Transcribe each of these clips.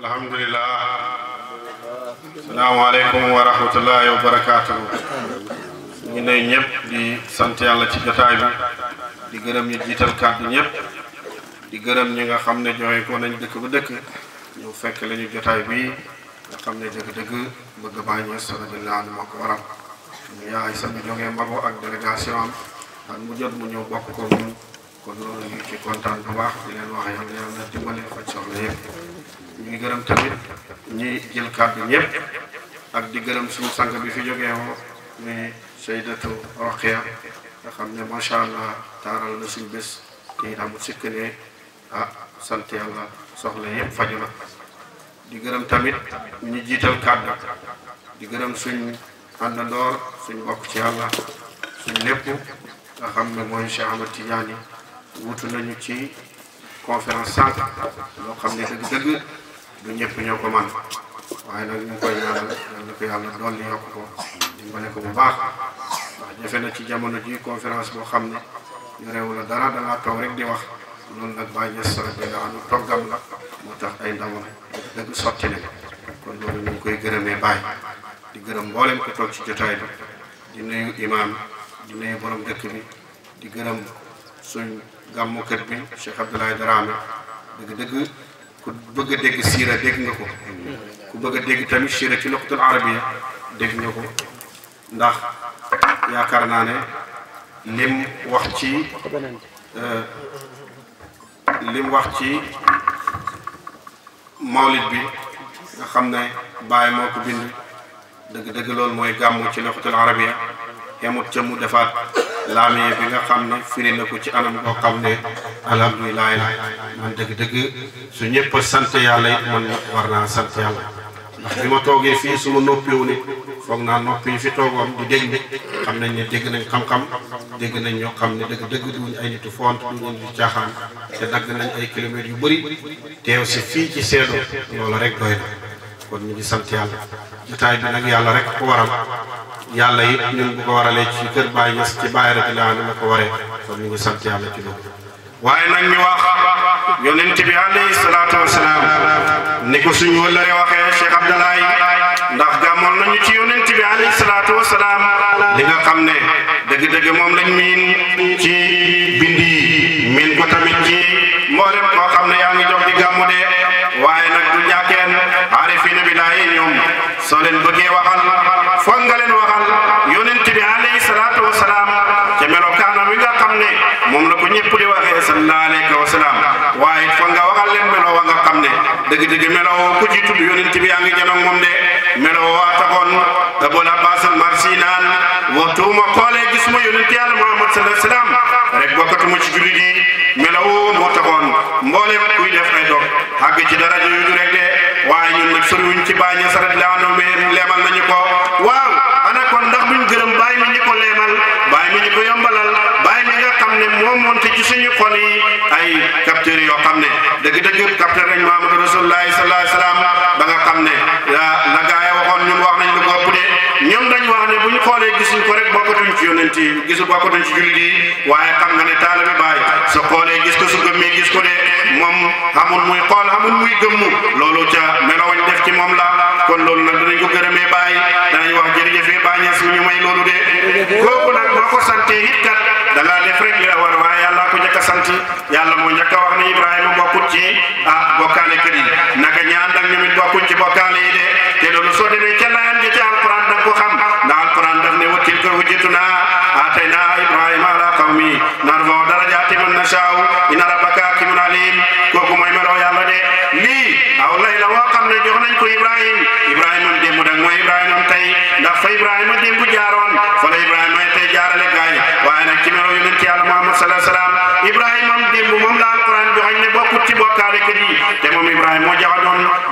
alhamdulillah salaamu aleykum wa rahmatullahi wa barakatuhu di sant yàlla ci jotaay bi di gërëm ñu jiital kàddu di gërëm ñi nga xam joxe ko nañ dëkk bu dëkk ñu fekk lañu jotaay bi nga xam dëgg-dëgg bëgg bàyyi ñes ñu yaay sa mbago ak délégation am ak mu jot mu ñëw bokk ko ñun kon loolu ñu ci bu baax di leen wax dimbali ñuy gërëm tamit ñi jël kàddu ñëpp ak di gërëm suñu sang bi fi jógee woo muy saydatu roqiya nga xam ne macha allah taaral na suñ bés te itam sikk ne ah sant yàlla soxla yëpp faju na di gërëm tamit ñu jiital kàddu di gërëm suñ àndandoor suñ bokk ci yàlla suñ lépp nga xam ne mooy Cheikh Ahmad Tidiane wutu nañu ci conférence sànq loo xam ne dëgg-dëgg du ñëpp ñoo ko man waaye nag ñu ngi koy ñaanal yàlla ko yàlla dool li yokk ko bu baax ndax jafe na ci jamono ji conférence boo xam ne ñu réew la dara dangaa toog rek di wax loolu nag bàyyi ñes sore bi nga xam toggam la moo tax ay ndamam dëgg sotti ne kon loolu ñu koy gërëmee bàyyi di gërëm mboolem ko toog ci jotaay bi di nuyu imaam di nuyu borom dëkk bi di gërëm suñ gàmmukat bi Cheikh Abdoulaye Dramé dëgg-dëgg ku bëgg a dégg siira dégg nga ko ku bëgg a dégg tamit siira ci loxatul arabiya dégg nga ko ndax yaakaar naa ne lim wax ci euh, lim wax ci mawlid bi nga xam ne bàyyi moo ko bind dëgg-dëgg loolu mooy gàmmu ci loxatul arabiya yamut ca mu defaat laamee bi nga xam ne firi na ko ci anam boo xam ne alhamdulilah man dëgg-dëgg su ñëpp sant yàlla it man war naa sant yàlla ndax bi ma toogee fii suma ma noppiwu foog naa noppi fi toogoon du dégg nit xam nañ ne dégg nañ xam-xam dégg nañ ñoo xam ne dëgg-dëgg ay nitu font duñ di caaxaan te dagg nañ ay kilomètres yu bëri teew si fii ci seedo loola rek doy na kon ñu ngi sant yàlla jotaay bi nag yàlla rek ko waral yàlla it ñun bu ko waralee ci kër Baye Niass ci Baye rek laa ni ma ko waree kon ñu ngi sant yàlla ci loolu waaye nag ñu wax yonent bi alayhi salaatu wasalaam ni ko suñu wëllare waxee Cheikh Abdalaay ndax gàmmoon nañu ci yonent bi alayhi salaatu wasalaam li nga xam ne dëgg-dëgg moom miin ci bind miin ko tamit ci mboolem koo xam ne yaa ngi jox dëgg-dëgg meloo ku jiitu bi yonent bi yaa ngi janoog moom de meloo waa taxoon Abul Abbas al-Marsi naan waxtu ma xoolee gis ma yonent yàlla Muhammad sallallahu alayhi wa sallam ci jullit yi meloo moo taxoon mboolem kuy def ay dog xàgg ci daraja yu rek de waaye ñun nag soriwuñ ci bàññe sara yonent yi gisul bokk nañ ci jullit yi waaye xam nga ne taalibe baay sa xoolee gis ko gëmmee gis ko de moom xamul muy xool xamul muy gëmmu loolu ca melawañ def ci moom la kon loolu na nag danañ ko gërëmee baay danañ wax jërëjëfee baay ñas mi ñu may loolu de kooku nag boo ko sante it kat def rek li la waaye yàlla ko njëkk a yàlla moo njëkk a wax ne Ibrahima bokkut ci ah bokkaale kër yi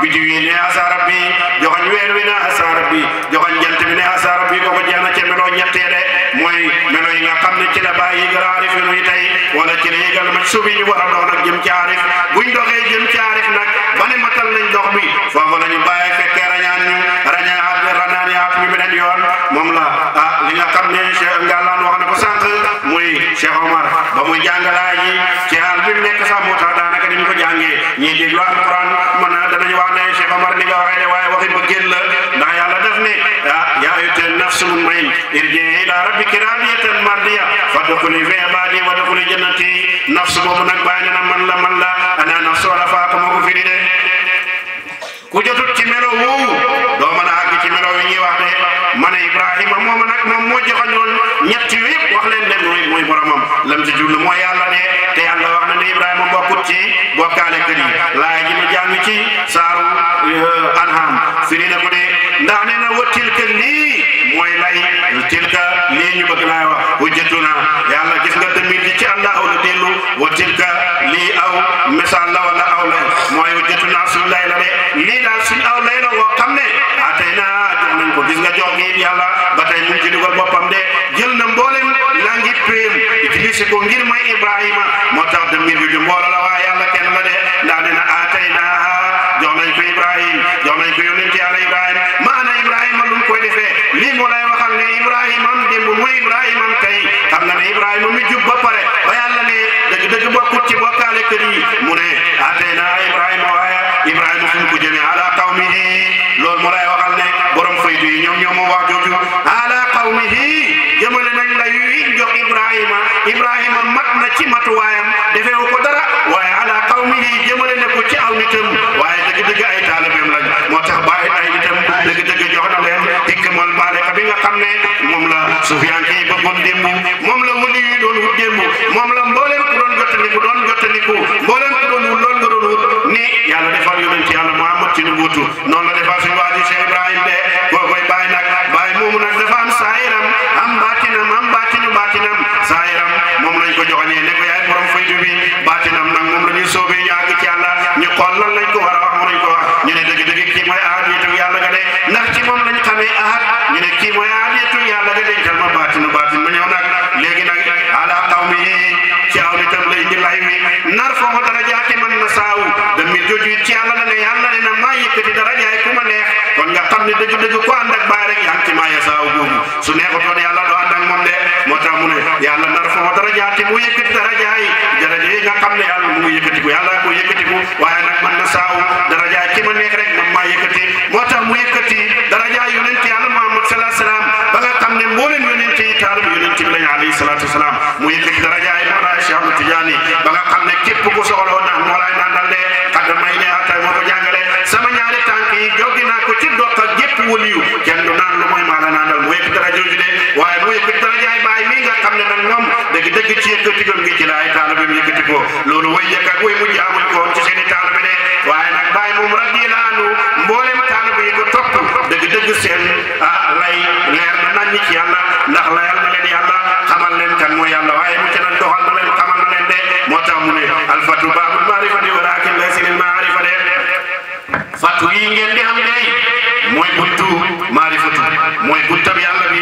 bidiw yi ne asa rabbi joxoñ weer wi ne asa rabbi joxoñ jant bi ne asa rabbi kooku jeex na ca meloo ñettee de mooy melo yi nga xam ne ci la bàyyi yëgal aarif yi wala ci la yëgal subi ñu war a dox nag ci aarif buñ doxee jëm ci aarif nañ dox bi rabbiki radiyatan mardiya fadkhuli fi ibadi wa jannati nafsu bobu nak baña na man la man la ana nafsu ala fa ko mako firi de ku jotut ci melo wu do mëna ag ci melo yi ñi wax de mané ibrahima mom nak mom mo kan, joxañol ñett yu yépp wax leen dem roy moy boromam lam ci jullu moy yalla ya, de te yalla wax na de ibrahima bokut ci bokale kër yi ji ma jang ci saru eh, anham firi ko de ndax neena watil kër ni moy lay eh, tilka lii ñu bëgg laay wax hujjatuna yàlla gis nga tamit li ci àlla aw la dellu wa tilka lii aw misaal la wala aw la mooy hujjatuna suñu lay la de lii daal suñu aw lay la woo xam ne ah tey naa jox nañ ko gis nga jox gi yàlla ba tey mu ngi ci dugal boppam de jël na mboolem la ngi péem utilisé ko ngir may Ibrahima moo tax dem ngir ju mbooloo la waa Ibrahima mat na ci matuwaayam defewu ko dara waaye ala qawmihi jëmale ne ko ci aw nitam waaye dëgg-dëgg ay taalibeem lañ moo tax bàyyi ay nitam dëgg-dëgg jox na leen hikmal baaliqa bi nga xam ne moom la Sufyaan ko andak ak baay rek yang ci maaya saaw googu su ton yalla do andak mom moom de moo tax mu ne yàlla nar fa darajaati mu dara jaay dara je nga xamne yalla yàlla mu yëkkati ko yalla ko yëkkati ko waye nak man na saw dara jaay ki ma neex rek man maa yëkkati moo tax mu dara jaay yonenti yalla muhammad sallallahu alaihi wasallam ba nga xamne mo len yonenti yi yonenti yonent bi lañ alayhi salaatu wasalaam mu jaay mo ra cheikh ahmad tidiane ba nga xamne kep ko ku soxla woon nag moolaay naan de kadamay ya, ne atay mo ko jangale sama ñaari tanki jogi ko nuyu kenn du naan lu mooy maa la naan dal mu yëkk dara jooju de waaye mu yëkk dara jaay baay mi nga xam ne nag moom dëgg dëgg ci yëkkati gëm ngi ci laay taalibe bi mu yëkkati ko loolu way yëkk ak way mujj amuñ ko woon ci seen i taalibe de waaye nag baay moom radiyallaahu anhu mboolem taalibe yi ko topp dëgg dëgg seen ah, lay leer na nañ ci yàlla ndax layal na leen yàlla xamal leen kan mooy yàlla waaye mu ci nag doxal na leen xamal na de moo tax mu ne alfatu baabul maarifati walaakin laysa lil maarifa de fatu yi mooy buntab yàlla bi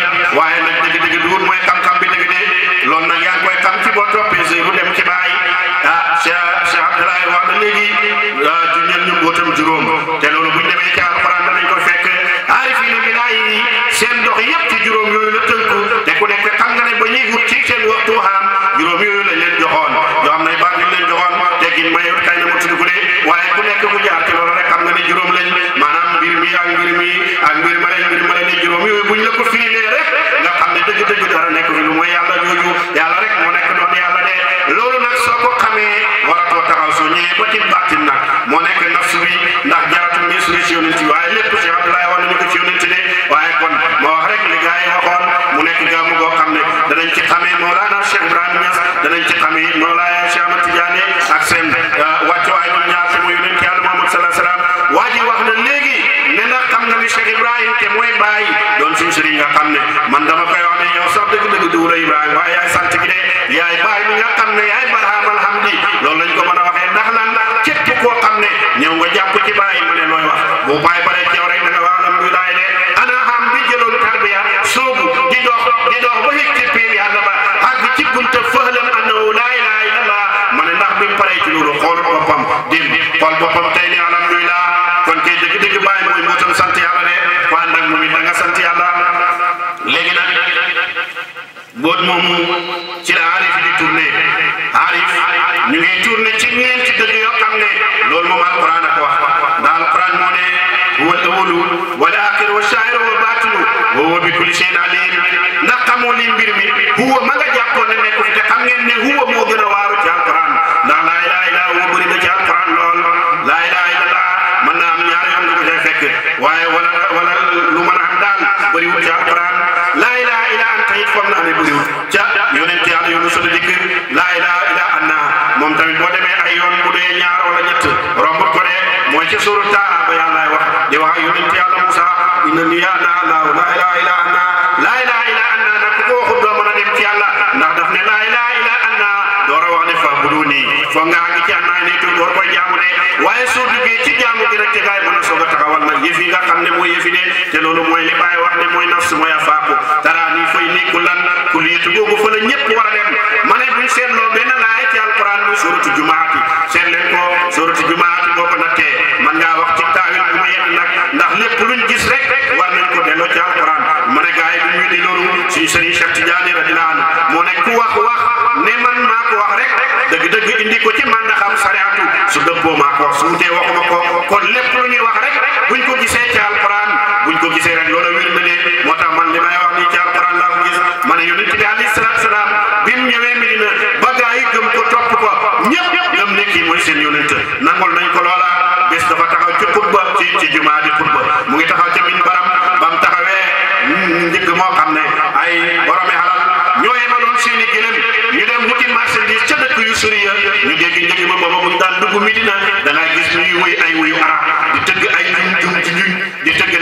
waaye wala wala lu mën a am daal bëriwul ci alquran laa ilaha illa anta it foog naa ne bëriwul ca yonent yàlla yoonu sunu dikk laa ilaha illa anna moom tamit boo demee ay yoon bu dee ñaar wala ñett rombut ko de mooy ci suuru taa ba yàlla wax di wax yonent yàlla Musa inna ko suutee waxuma ko kon lépp lu ñuy wax dugg Medina danaa gis ñuy woy ay woyu arab di tëgg ay juñ juñ juñ di tëgg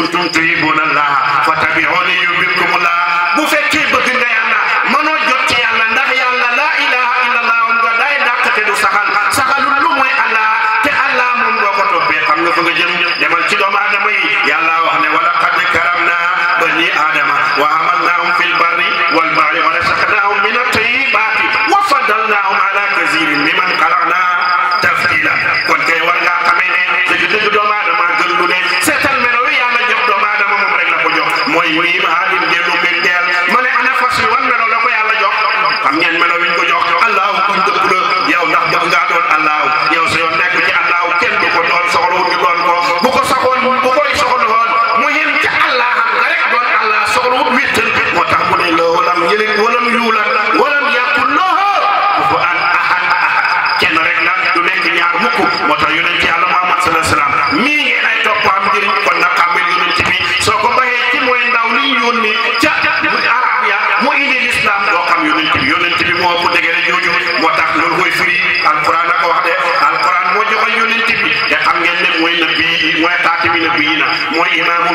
important to you. bopp dëgëre jooju moo tax loolu koy firi alquran ak wax de alquran moo joxe yonent bi te xam ngeen ne mooy nabi mooy xaatimi nabi na mooy imaam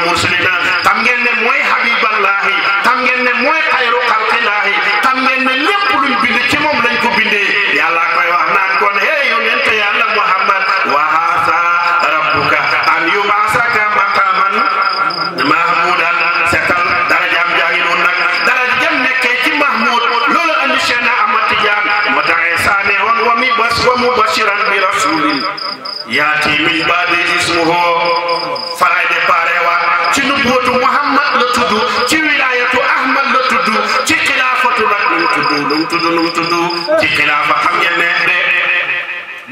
tudd ci wilaayatu ahmad la tudd ci xilaafatu nag lu mu tudd lu mu tudd lu mu tudd ci xilaafa xam ngeen ne de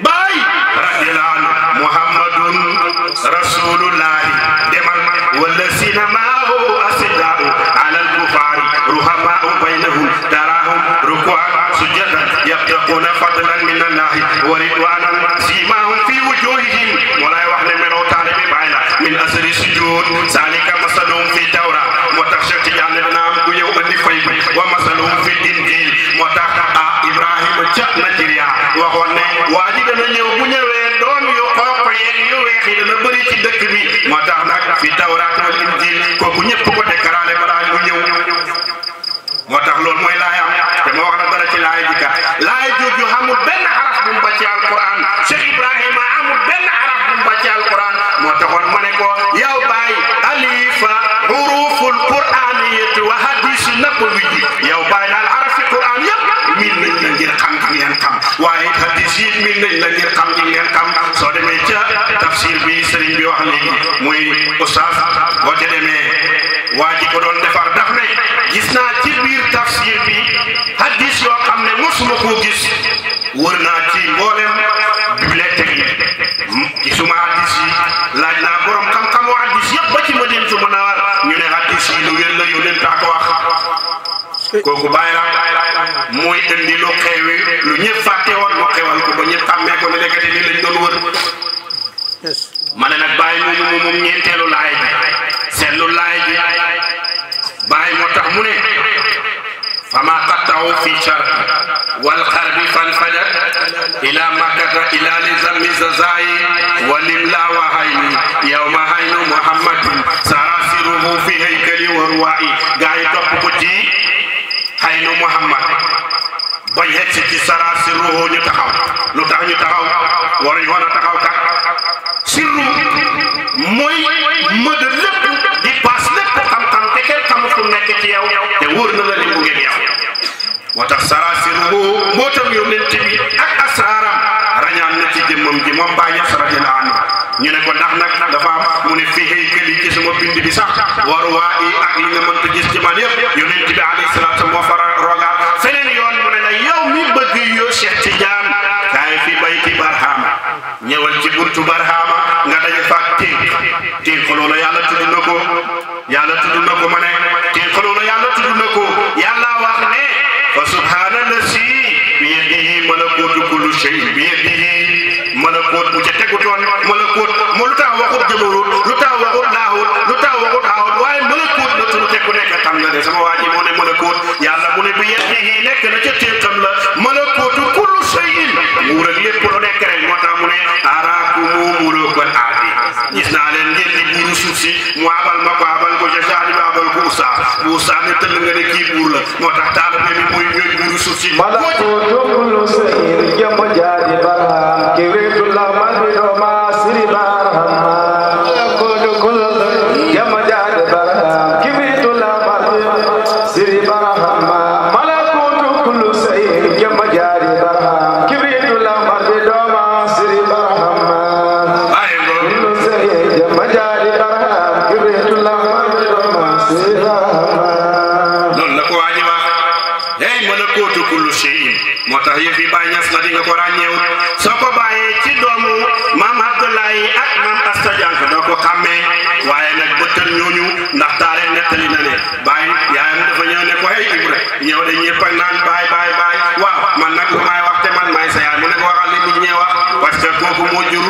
baay radiyallahu anhu muhammadun rasulullahi demal wala sinamaahu asidaau ala alkufaari ruhamaau baynahum darahum rukuan sujadan yabtaquna fadlan min allahi wa ridwanan simahum fi wujuhihim moo lay wax ne meloo taale bi baay la min asri sujud salika masalum fi naa ci mboolem bibliothèque yi gisuma mm, hadis yi laaj naa borom xam-xamu hadis yëpp ba ci Madinatu Munawwara ñu ne hadis yi lu wér la yonent ak wax kooku bàyyi la mooy indi lu xewi lu ñëpp fàtte woon moo xewal ko ba ñëpp xàmmee ko ne léegi nii lañ doon wër. او في شر والقلب فانفلت الى مكه الى لزم الزاي ولملا وهين يوم هين محمد سرافره في هيكل وروعي غاي توبتي هين محمد باي هتي سرافره ني تخاو لو تخ ني تخاو وري هنا تخاو كا سر موي مد لب دي باس لب خام خام تكل خام كو نيك تي ياو تي ورنا لا لي بوغي ياو moo tax sarasiruhu mbootam yonent timi ak asaaram rañaan na ci jëmmam ji moom bàyyi radiyallahu anhu ñu ne ko ndax nag dafa am mu ne fii haykali ci sama bind bi sax waruwaa yi ak li nga mënta gis ci man yëpp yonent bi alayhi salaatu moo fa rogaat feneen yoon mu ne la yow mi bëgg Cheikh fi ci buntu barhama nga ko yàlla tudd na ko yàlla mu ne bi yéen ñi nekk na ca téetam la malakuutu kullu shay'in nguur ak lépp lu nekk rek moo tax mu ne araakumu mulukal aadi gis naa leen ngeen di buuru suuf mu abal ma ko abal ko ca saali ma abal ko usaa bu usaa ne tëll nga ne kii buur la moo tax taal bi muy ñooy buuru suuf ndax taaree nettali na ne baay yaayam dafa ñëw ne ko hey Ibra ñëw de ñëpp ak naan baay baay baay waaw man nag lu maay wax te man maay sa yaay mu ne ko waxal li nit ñee wax parce que kooku moo jur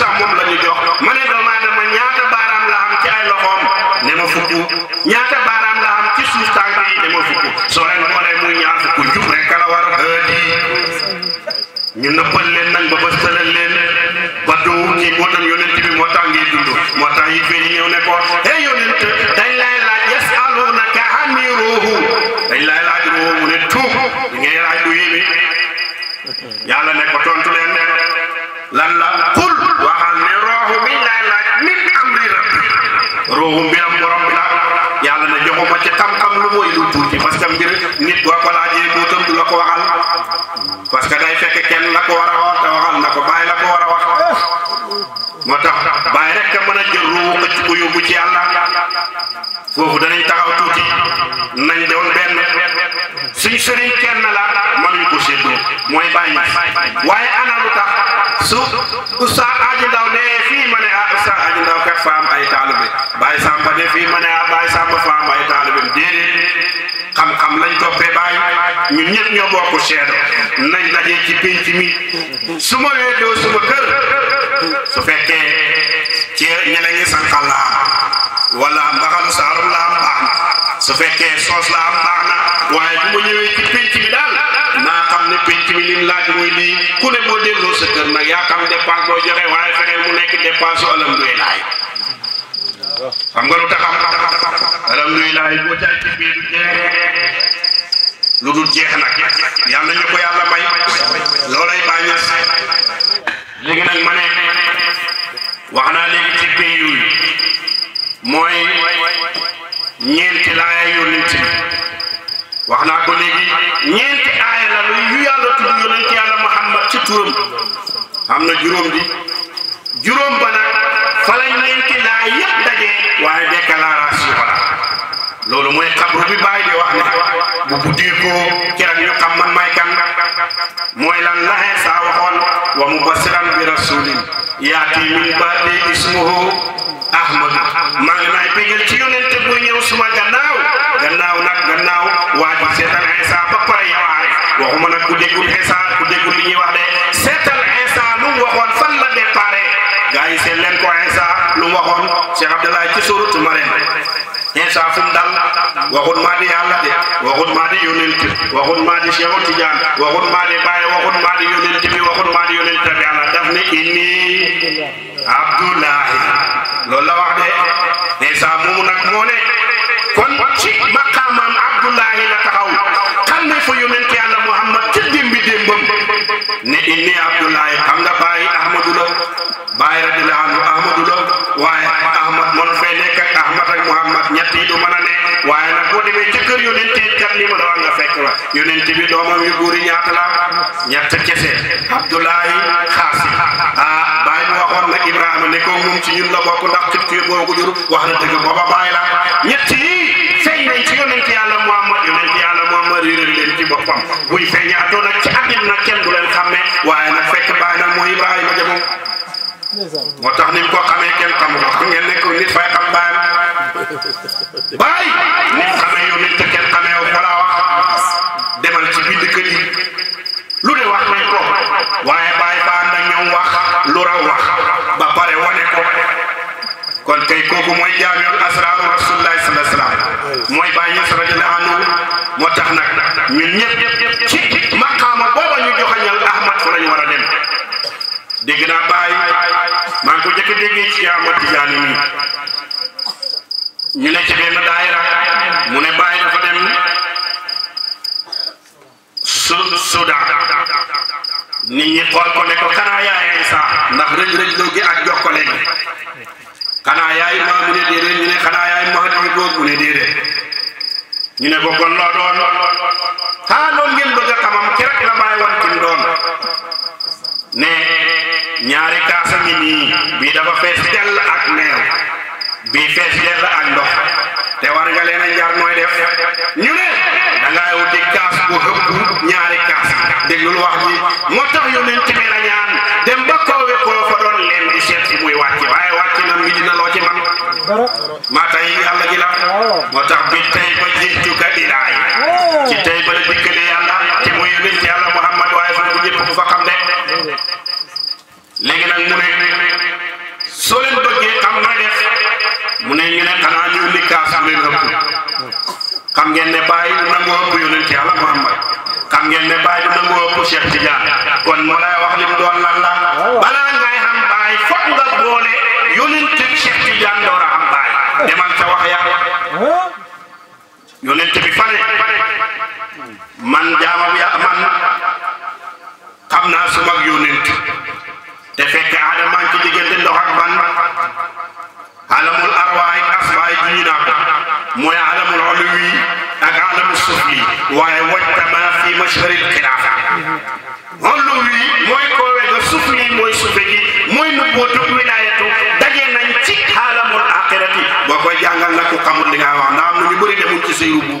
sax moom la ñu jox ma ne doomu aadama ñaata baaraam la am ci ay loxoom ne ma fukk ñaata baaraam la am ci suuf tànk yi ne ma fukk soo leen boolee muy ñaar fukk jub la war hëdi ñu nëppal leen nag ba ba sëlal leen ba du kii moo doon yonent bi moo tax ngay dund moo tax yi fee ñëw ne ko he yonent dañ lay laaj yasalunaka ani ruuhu dañ lay laaj ruuhu ne tuub li ngay laaj du ne ko tontu leen lan la laaj min amri rabbi roobu mbiram borom bi la yàlla ne joxuma ci xam-xam lu mooy lu tuuti parce que mbir nit boo ko laajee muutam du la ko waxal parce que day fekk kenn la ko war a wax te na ko bàyyi la ko war a wax moo tax bàyyi rek a mën a jël roobu xëcc ko yóbbu ci yàlla foofu danañ taxaw tuuti nañ doon benn suñ sëriñ la mënuñ ko séddoo mooy bàyyi waaye ana lu tax su Oustaz Aji Ndaw ne fii ma ne ah Oustaz Aji Ndaw kat faam ay taalibe Baye Samba ne fii ma ne ah Baye Samba faam ay taalibe déedéet xam-xam lañ toppee Baye ñun ñëpp ñoo bokk seedo nañ daje ci pénc mi su ma weedoo suma kër su fekkee ci ñi la ñuy sànqal laa wala mbaxalu saaru laa baax su fekkee soos laa baax waaye bu ñëwee ci pénc mi daal. moom nag yaa xam dépense boo joxe waaye fexeel mu nekk dépense su alhamdulilah xam nga lu tax alhamdulilah boo jaay ci biir lu dul jeex nag yàlla ñu ko yàlla may loolay bàyyi léegi nag ma ne wax naa léegi ci biir yooyu mooy ñeenti laaya yonent bi wax naa ko léegi ñeenti aaya la lu yu yàlla tudd yonent yàlla Muhammad ci turam am na juróom bi juróom ba nag fa la ñeenti laa yëpp dajee waaye déclaration la loolu mooy xabru bi bàyyi di wax ne bu buddir ko keram ñu xam man may kan mooy lan laxee saa waxoon wa mubasiran bi rasulin yaati min baadi ismuhu ahmad maa ngi lay bégal ci yonente bu ñëw suma gannaaw gannaaw nag gannaaw waa ji seetaan xeesa ba pare yawaare waxuma nag ku déggul xeesa ku déggul li ñuy wax gaa yi seen leen ko Insa lu mu waxoon Cheikh Abdallah ci suuratu Maryam fu mu dal waxut maa di yàlla de waxut maa di yónent waxut maa di Cheikh Tidiane waxut maa di maa di yónent bi waxut maa di yónent bi yàlla daf ne inni Abdullahi loolu la wax de Insa moomu nag moo ne kon ci maqaamam Abdullahi la taxaw xam ne fa yónent yàlla Muhammad ci démbi démbam ne inni Abdullahi lii du mën a ne waaye nag boo demee ca kër yonent kat li ma la wax nga fekk la yonent bi doomam yu góor yi ñaata la ñett kese Abdoulaye Xaasi ah bàyyi mu waxoon na Ibrahima ne ko moom ci ñun la bokk ndax ci kër boo ko jur wax na dëgg booba bàyyi la ñett yi feeñ nañ ci yonent yàlla Muhammad yonent yàlla Muhammad réeral leen ci boppam buy feeñaatoo nag ci addina nag kenn du leen xàmme waaye nag fekk bàyyi nag mooy Ibrahima. moo tax ni mu ko xamee kenn xamul xam ngeen nekk nit bay xam baayam baay nit xamee yow nit kenn xamee yow wala wax demal ci bind kër lu ne wax nañ ko waaye baay baa na ñëw wax lu raw wax ba pare wane ko kon kay kooku mooy jaamiul asraaru rasulillahi sallallahu alayhi wasallam mooy baay ñës radiyallahu moo tax nag ñun ñëpp ci maqaama booba ñu joxañal Ahmad fu lañ war a dem dégg baay maa ngi ko njëkk a déggee ci Ahmad Tijaani mi ñu ne ci benn daayira mu ne baay dafa dem su suda nit ñi xool ko ne ko kanaa yaay sax ndax rëj rëj loo gi ak jox ko leen xanaa yaay maa mu ne déedéet ñu ne xanaa yaay mu ne góor mu ne déedéet ñu ne ko kon loo doon ah loolu ngeen bëgg a xamam ki rek la bàyyi woon ne ñaari kaasa ngi nii bii dafa fees dell ak meew bii fees dell ak ndox te war nga leen a njar mooy def ñu ne da ngaa wuti kaas bu xëpp ñaari kaas déglul wax ji moo tax yonent bi la ñaan dem ba koowe koo fa doon leen di seet si muy wàcc waaye wàcc na mi dina loo ci man maa tay yàlla ji la moo tax bi tay ba jiitu ka ilaay ci tay ba la dikkale yàlla te muy yonent yàlla Muhammad waaye man bu ñëpp bu fa xam de léegi nag mu ne soo leen bëggee xam na def mu ne ñu ne xanaa ñu indi kaas bu leen ëpp ngeen ne bàyyi du nangoo ëpp yonent ci yàlla Muhammad xam ngeen ne bàyyi du nangoo ëpp Cheikh Tidiane kon moo wax li mu doon lan la balaa ngay xam bàyyi nga boole yonent bi Cheikh Tidiane door a xam bàyyi demal sa wax yàlla yonent bi fane man jaama bi man xam naa su mag sufli waaye wajtama fi mashharil xiraaf xollu wi mooy koowee ga mooy sufe gi mooy nubbootu wilaayatu daje nañ ci xaalamul axirati boo koy jàngal nag ku xamul li nga wax ndax am na ñu bëri demul ci say rubbu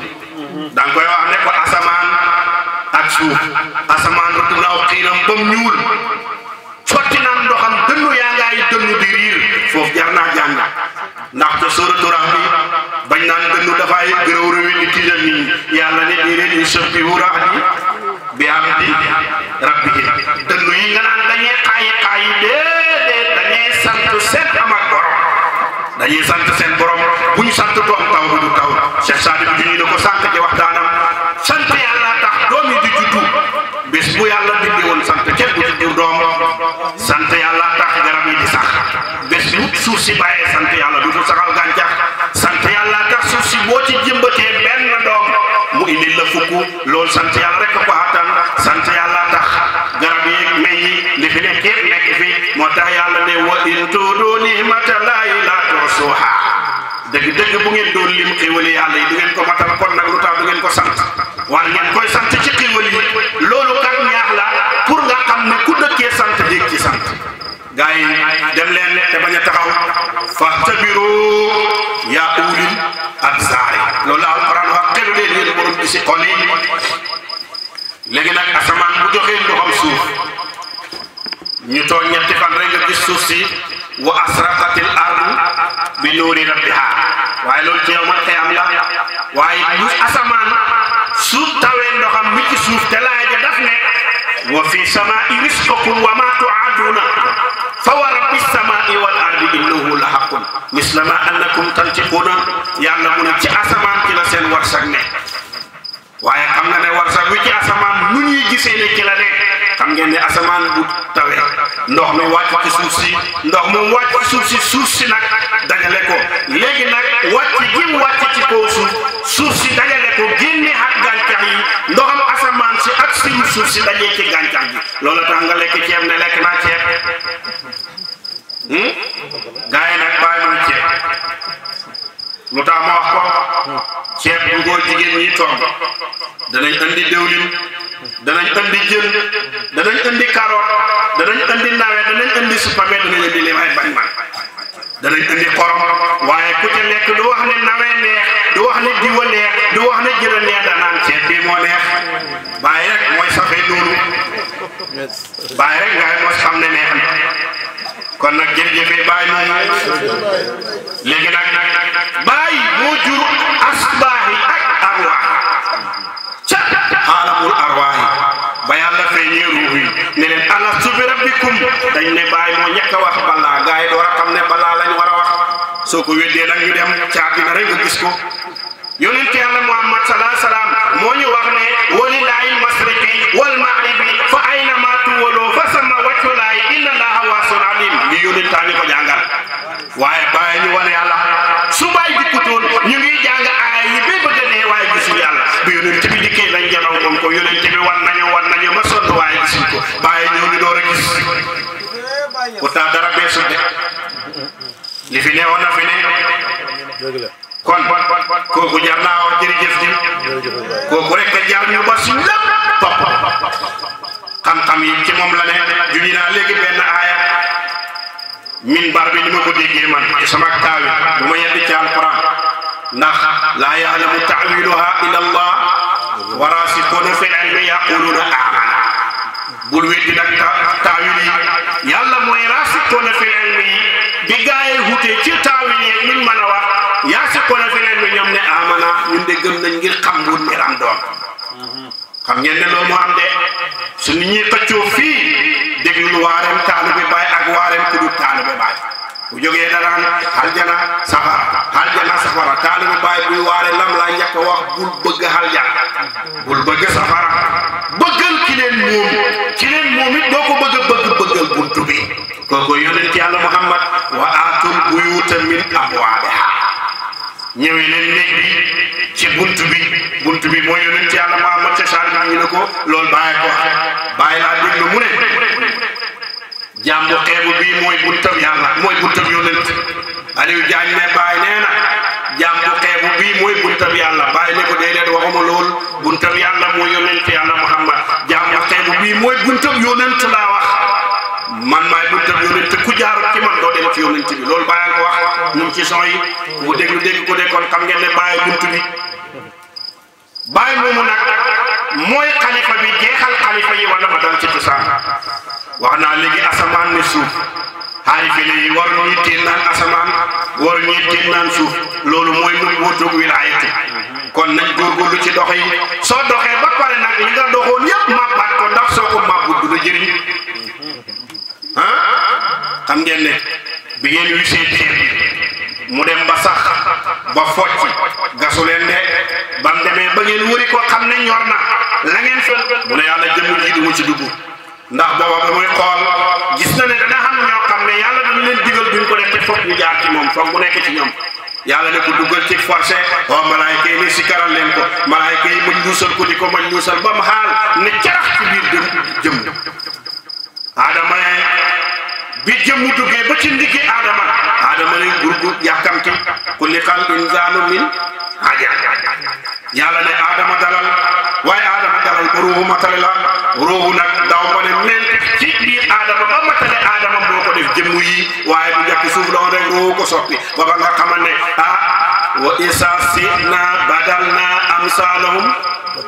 da koy wax ne ko asamaan ak suuf asamaan rëdd naaw xiinam ba mu ñuul sotti naan ndoxam dënnu yaa ngay dënnu di riir foofu jar naa jàng ndaxte sóoratu Rahd bi bañ naan dënnu dafay gërëw yalla ne dere ni sabbihu rahmi bi amdi rabbihim te nuy nga nan dañuy xay xay de de dañuy sant sen am ak borom dañuy sant sen borom buñ sant do am taw du taw cheikh salim bi ñu ko sank ci waxtanam sant yalla tax doomi di juddu bes bu yalla bindi won sant ci bu juddu doom sant yalla tax garam yi di sax bes bu suuf baye sant yalla ku lol sant yalla rek ko attan sant yalla tax garab yi meñ li fi nek nek fi moo tax yàlla ne wa in tuudu mata laahi tusuha deug deug bu ngeen do lim xewal yalla yi du ngeen ko matal kon nak lu du ngeen ko sant war ngeen koy sant ci xewal yi lolou kat ñaax la pour nga xam ne ku dekké sant deg ci sant gaay dem leen te baña taxaw fa tabiru ya ulil absari lolou alquran wax leen yéen borom bi si xol yi léegi asamaan bu joxee ndoxam suuf ñu toog ñetti fan rek nga gis suuf si wa asraqatil ardu bi nuuri rabbiha waaye loolu ci yow ma xeyam la waaye bu asamaan suuf tawee ndoxam mi ci suuf te laaj a wa fi samaa'i risqukum wa ma tu'aduna fa wa rabbi samaai wal ardi innahu la haqqun misla ma annakum tantiquna yàlla mu ne ci asamaan ci la seen warsak ne waaye xam nga ne warsak wi ci asamaan nu ñuy gisee ne ci la ne xam ngeen ne asamaan bu tawee ndox mi wàcc ci suuf si ndox moom wàcc ci suuf si nag dajale ko léegi nag wàcc gi wàcc ci kaw suuf si dajale ko génne ak gàncax yi suñu suuf si dajee ci gàncax gi loolu tax nga lekk ceeb ne lekk naa ceeb hmm? gaa yi nag bàyyi naa ceeb lu tax ma wax ko ceeb bu góor jigéen ñi togg danañ andi diwlin danañ andi jën danañ andi carotte danañ andi nawet danañ andi supame danañ andi limay bañ man danañ indi xorom waaye ku ca lekk du wax ne nawee neex du wax ne diwa neex du wax ne jëla neex danaan ceeb bi moo neex bàyyi rek mooy safee noonu bàyyi rek ngay mos xam ne neex na kon nag jërëjëf bàyyi moomu léegi nag bàyyi moo jur asbaahi ak arwaax ca xaalamul arwaax ba yàlla feeñee ruux yi ne leen alastu bi rabbikum dañ ne bàyyi moo ñàkk a wax balaa gaa yi door a xam ne balaa lañ war a wax soo ko weddee nag ñu dem caabi na rek nga gis ko yonent yàlla muhammad salaa salaam moo ñu wax ne walillaahi masriqi wal maghribi fa ayna ma tuwaloo fa sama waccu laay inna laaha waasun alim li yonentaa ñu ko jàngal waaye bàyyi ñu wane yàlla su bàyyi dikkutoon ñu pourtant dara beesul de li fi newoon na fi ne kon kooku jar naa wax jërëjëf ji kooku rek jar ñu ba suñ lépp topp xam-xam yi ci la ne min bar bi ni ma ko man ci sama taawi bu ma yedd ci alquran ndax illa allah wa rasikuna yaquluna bul weddi nag taawil yi yàlla mooy raasikoona bi gaa yi ci taawil yi ñun mën a wax yaasikoona fil ilmi ñoom ne amana ñun de gëm nañ ngir xam wun ngir am doon xam ngeen ne loolu de su nit ñi xëccoo fii déglul waareem taalibe baay ak waareem ku dul taalibe baay bu jógee danaan aljana safara aljana safara taalibe baay buy waare lam laa njëkk a wax bul bëgg aljana bul bëgg safara bëggal ci leen moom ci leen moom it doo ko bëgg a bëgg bëggal buntu bi kooku yonent yàlla muhammad wa aatul buyuta min abwaabiha ñëwee leen néeg bi ci buntu bi buntu bi mooy yonent muhammad ca saar naa ngi ne ko loolu bàyyi ko bàyyi laa déglu mu ne jàmbu bii mooy buntam yàlla mooy buntam yonent Aliou Diagne ne bàyyi nee na jàmbu xeebu bii mooy buntam yàlla bàyyi ne ko dee leen waxuma lool buntam yàlla mooy yonent yàlla muhammad ndax tey bii mooy buntab yónent laa wax man maay buntab ku jaarut ci man doo dem ci yónent bi loolu bàyyi ko wax ñun ci ko de kon xam ngeen ne bàyyi buntu bi bàyyi moomu nag mooy xalifa bi jeexal xalifa yi ci cosaan wax naa léegi asamaan ne suuf xaalifa yi war ñuy téen naan asamaan war ñuy téen naan suuf loolu mooy muy wóotoog wilaayati kon nañ góorgóorlu ci dox yi soo doxee ba pare nag li nga doxoon yëpp màbbat nafsakum mabud du la jëriñ ah xam ngeen ne bi ngeen wisee teer mu dem ba sax ba focc gasu leen de bam demee ba ngeen wëri ko xam ne ñor na la ngeen fën mu ne yàlla jëmm ji du mu ci dugg ndax booba ba muy xool gis na ne dana xam ne yàlla dañu leen digal duñ ko def te foog ñu ci moom foog mu nekkee ci ñoom yàlla ne ko dugal ci forcé waaw malaayka yi ne sikaral leen ko malaayka yi mañ ñuusal ko di ko mañ ñuusal ba mu xaal ne carax ci biir jëm jëm aadama bi jëmmu duggee ba ci ndiggi aadama aadama ne gurgu yàkkamti ku liqal insaanu min ajal yàlla ne aadama dalal waaye aadama dalal ruuxu matale la ruuxu nag daw ma ne mel ci biir aadama ba matale jëm yi waaye bu ñàkk suuf doon rek roo ko sotti ba ba nga xamal ne ah wa isa sina badal na amsalahum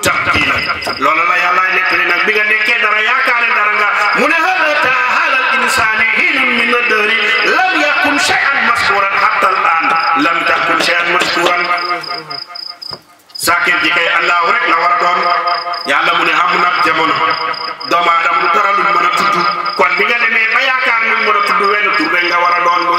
tabdila loolu la yàlla nekkale nag bi nga nekkee dara yaakaare dara nga mu ne hal ata insani hinun min adari lam yakun shay'an mashkuran hatta al an lam takun shay'an mashkuran sakir ji kay Allah rek la war doon yàlla ya mu ne xam nag jamono doomu aadama du dara mën a tudd kon bi nga ne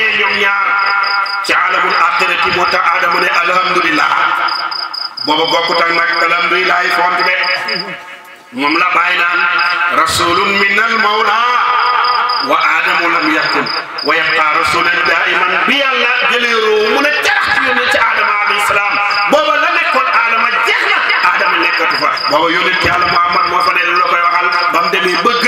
dajee ñoom ñaar ci alamul a moo tax aadama ne alhamdulilah booba bokkut ak nag alhamdulilah yi font de moom la bàyyi naan rasulun min al mawla wa aadamu lam yakun wa yabqa rasulan daiman bi yàlla jëlee roo mu ne carax yónne ci aadama alayhi salaam booba la nekkoon aadama jeex na aadama nekkatu fa booba yónne ci yàlla Muhammad moo fa ne lu la koy waxal ba mu demee bëgg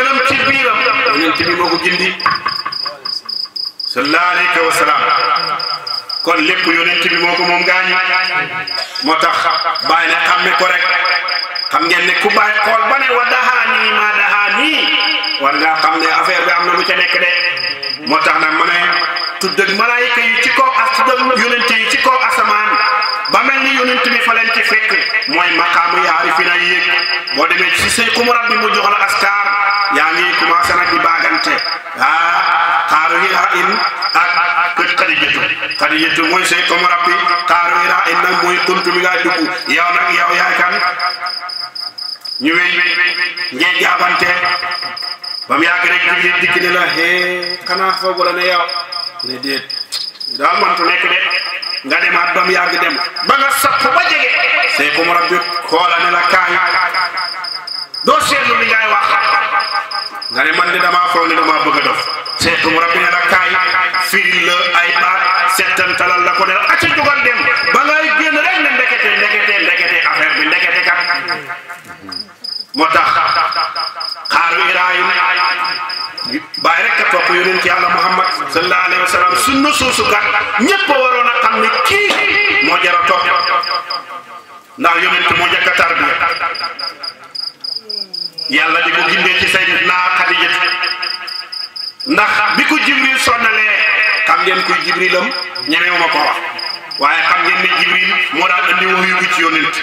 sallallahu alayhi wa salaam kon lépp yonent moo ko moom gaañu moo tax bàyyi ne xam ne ko rek xam ne ku bàyyi xool ba ne wa daxaa nii maa daxaa nii war xam ne affaire bi am na lu ca nekk de moo tax na ma ne tudd malaayika yi ci kaw as ci kaw asamaan ba mel ni yonent bi fa leen ci fekk mooy maqaamu yaarifina yi boo demee ci say xumurat bi mu jox la askar yaa ngi commencé nag di baagante ah. taaru hiraa in ak kër xadijatu xadijatu mooy say comme rabbi taaru hiraa in nag mooy kuntu mi ngay dugg yow nag yow yaay kan ñu wéy ñee jaabante ba mu yàgg rek ñu dikk ne la hee xanaa foogu la ne yow ne déet daal mantu nekk de nga demaat ba mu yàgg dem ba nga sapp ba jege say comme rabbi xoola ne la kaay doo seetlu li ngay wax nga ne man de dama fo ni dama bëgg def dof mu rabbi ne la kaay firil la ay baat talal la ko del acci dugal dem ba ngay genn rek ne ndekete ndekete ndekete affaire bi ndekete kat motax xaru ibrahim bay rek ka top topp yonent yalla muhammad sallallahu alaihi wasallam sunu susu kat ñepp a waroon a xam ne kii moo jar ndax yonent moo mo a tarbiya yàlla di ko gindee ci Sayyidatuna Xadija ndax bi ko Jibril sonnalee xam ngeen kuy Jibrilam ñemewuma ko wax waaye xam ngeen ne Jibril moo daan andi wahyu bi ci yonent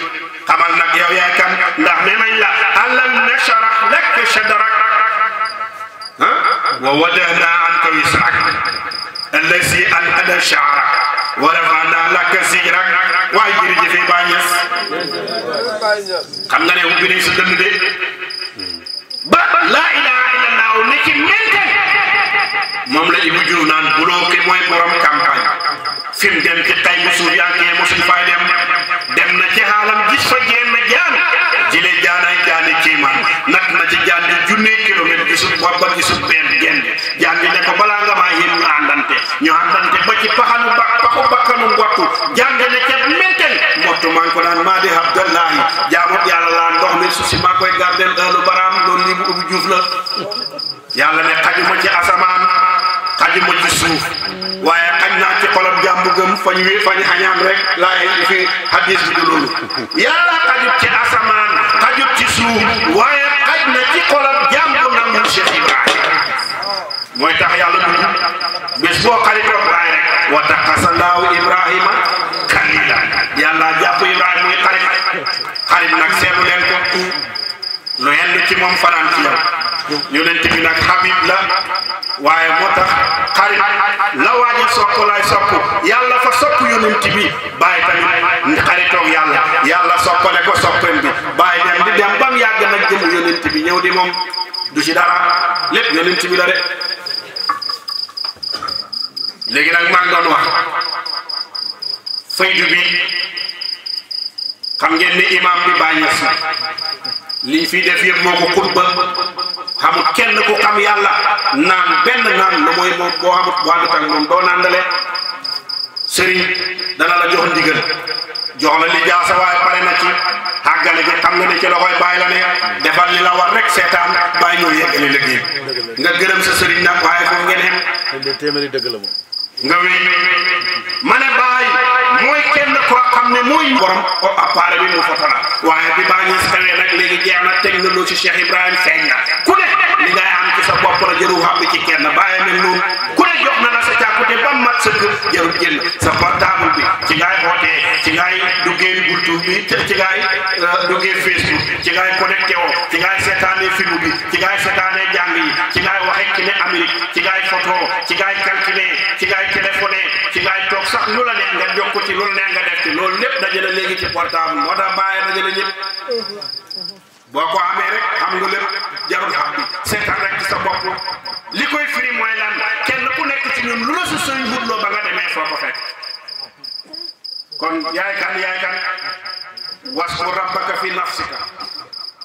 xamal nag yow yaay kan ndax nee nañ la alam nashrah laka sadrak wa wada'na anka wizrak allazi anqada sha'rak wa rafa'na laka zikrak waaye jërëjëf Baay Ñas xam nga ne ubbi nañ sa dënd de ba la ilaha illallah ne ci ñentel mom la ibu juuf naan bu do ki moy borom campagne fim dem ci tay musu yanke musu fay dem dem na ci halam gis fa jenn jaan jile jaanay jaani ci man nak na ci jaan di junne kilomètre gisu bobba gisu ben jenn jaan di ne ko bala nga ma yeen ñu andante ñu andante ba ci paxalu ba paxu bakkanu ngottu jaan ne ci mentel mottu man ko naan ma di abdallah jaamu yalla la ndox mi su ci ma koy gardel dalu bara man lii bu ubbi juuf la yàlla ne xajuma ci asamaan xajuma ci suuf waaye xaj naa ci xolab jàmbu gëm fañ wi fañ xañaan rek laay fi hadis bi du loolu yàlla xajut ci asamaan xajut ci suuf waaye xaj na ci xolab jàmbu nangul Cheikh Ibrahima mooy tax yàlla dund bés boo xaritoo baay rek wa taqasallaahu Ibrahima kalila yàlla jàpp Ibrahima muy xarit xarit nag seetlu leen ko nu yendu ci moom fanaan ci yow yonent la waaye moo tax xarit la waaji sopp lay sopp yàlla fa sopp yonent bi bàyyi tamit xaritoog yàlla yàlla soppale ko soppeem bi bàyyi dem di dem bam yàgg nag jëm yonent bi ñëw di moom du ci dara lépp yonent la de léegi nag maa ngi doon wax bi xam ngeen ni imam bi bàyyi lii fii def yëpp moo ko xutba xamul kenn ku xam yàlla naan benn naan la mooy moom boo xamut bu ànd ak moom doo nàndale sëriñ dana la jox ndigal jox la li jaasa waaye pare na ci xàggale gi xam nga ne ci loxoy bàyyi la ne defal li la war rek seetaan bàyyi ñoo yeggali liggéey nga gërëm sa sëriñ nag waaye foofu ngeen xam téeméeri dëgg la moom nga wéy ma ne baay mooy kenn koo xam ne mooy borom o appareil bi mu foto la waaye bi baa ñu xewee nag léegi jeex na technologie Cheikh Ibrahim feeñ na ku ne li ngay am ci sa bopp la jëru xam ci kenn bàyyi mel noonu ku ne jox na la sa càkkute ba mat sëkk jarul jënd sa portable bi ci ngay xootee ci ngay duggee bultu bi ci ngay duggee facebook ci ngay connecté woo ci ngay seetaanee film bi ci ngay seetaanee jàng yi ci ngay waxee ki ne Amérique ci ngay photo ci ngay calculé ci ngay téléphoné ci ngay toog sax lu la neex nga jokk ci lu la neex nga def ci loolu lépp dajale léegi ci portable moo tax bàyyi dajale ñëpp boo ko amee rek xam nga lépp jarul xam bi seetaan rek ci sa bopp li koy firi mooy lan kenn ku nekk ci ñun lu la su sëñ butloo ba nga demee foo ko fekk kon yaay kan yaay kan wasku rabbaka fi nafsika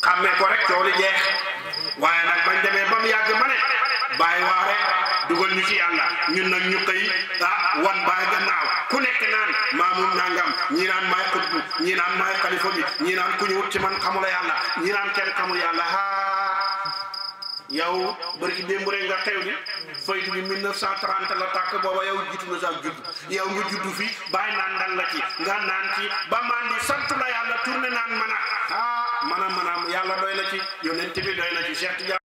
xammee ko rek coow li jeex waaye nag bañ demee ba yàgg ma ne bàyyi waa dugal ñu ci yàlla ñun nag ñu xëy ah wan baay gannaaw ku nekk naan maa moom nangam ñii naan maay xutbu ñii naan maay xalifa bi ñii naan ku ñu wut ci man xamula yàlla ñii naan kenn xamul yàlla haa yow bari ci démb rek nga xew ni faydu bi 1930 la tàkk booba yow jiitu nga sax judd yow nga judd fi bàyyi naan dal la ci nga naan ci ba maan di sant la yàlla tourné naan mana ah mana mana yàlla doy na ci yonent bi doy na ci Cheikh